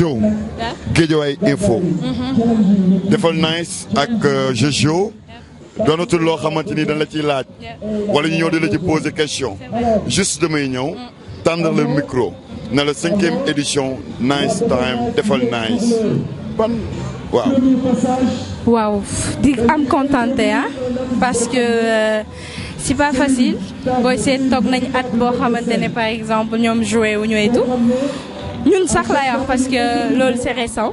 show Guédiawaye info defal nice ak euh, Jojo doonatul loo xamante ni dañ la ciy laaj wala ñu ñëw di la ci poser question juste demain, on tendre le micro dans la cinquième édition nice time defal nice ban Wow waaw di am contenté Hein? parce que euh, c'est pas facile booy c'est toog nañ at boo par exemple ñoom joué wu ñu et tout nous sac la parce que l'ol c'est récent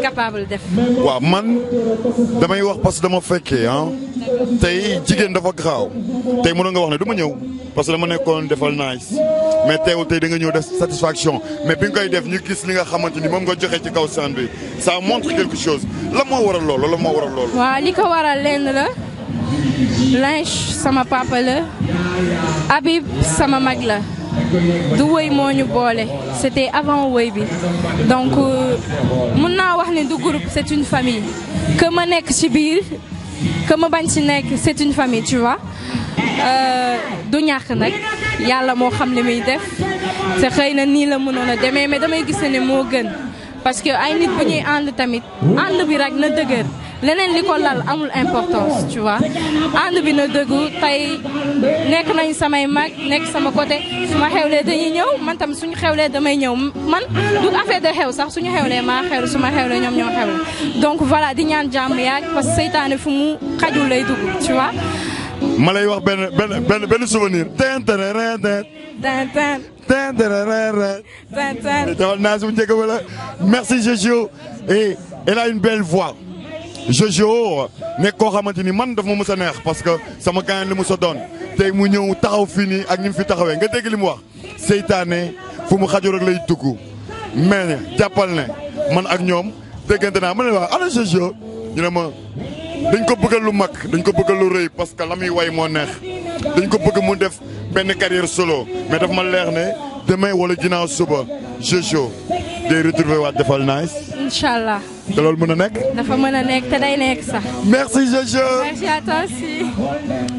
capable def. Wa man damay wax parce que dama fekkee hein. tey jigéen dafa graaw tey mënoon nga wax ne du ma parce dama nekkoon defal nice mais teewul tey da nga ñëw def satisfaction mais bi nga koy def ñu gis li nga xamante ni moom nga joxe ci kaw saan bi ça montre quelque chose la moo waral lool la moo waral lool. waaw li waral lenn la. Lange sama papa la. Habib sama mag la du wëy moo ñu c'était avant wëy bi donc euh, mun naa wax ne du groupe c'est une famille que ma nekk ci biir que ma bañ ci nekk c'est une famille tu vois euh, du ñàkk nag yàlla moo xam li muy def te xëy na nii la mënoon a demee mais damay gis ne moo gën parce que ay nit bu ñuy ànd tamit ànd bi rek na dëgër leneen li lal importance tu vois ànd bi na dëggu nañ samay mag sama côté xewlee ñëw man tam suñu xewlee ñëw man du affaire de xew sax suñu xewlee maa xewlee ñoo donc voilà di ñaan jàmm parce que lay tu vois. souvenir. Merci Jojo et elle a une belle voix. Jojo je ne man daf parce que sama gaañ ne le sa doon mu ñew taxaw fini ak fi nga dégg li wax lay mais ne man ak ne Jojo ñu ne ma dañ ko lu dañ ko parce que way neex dañ ko bëgg carrière solo mais daf ma leer ne demain wala suba Jojo day retrouver wa defal nice Inshallah merci Jojo. merci à toi aussi.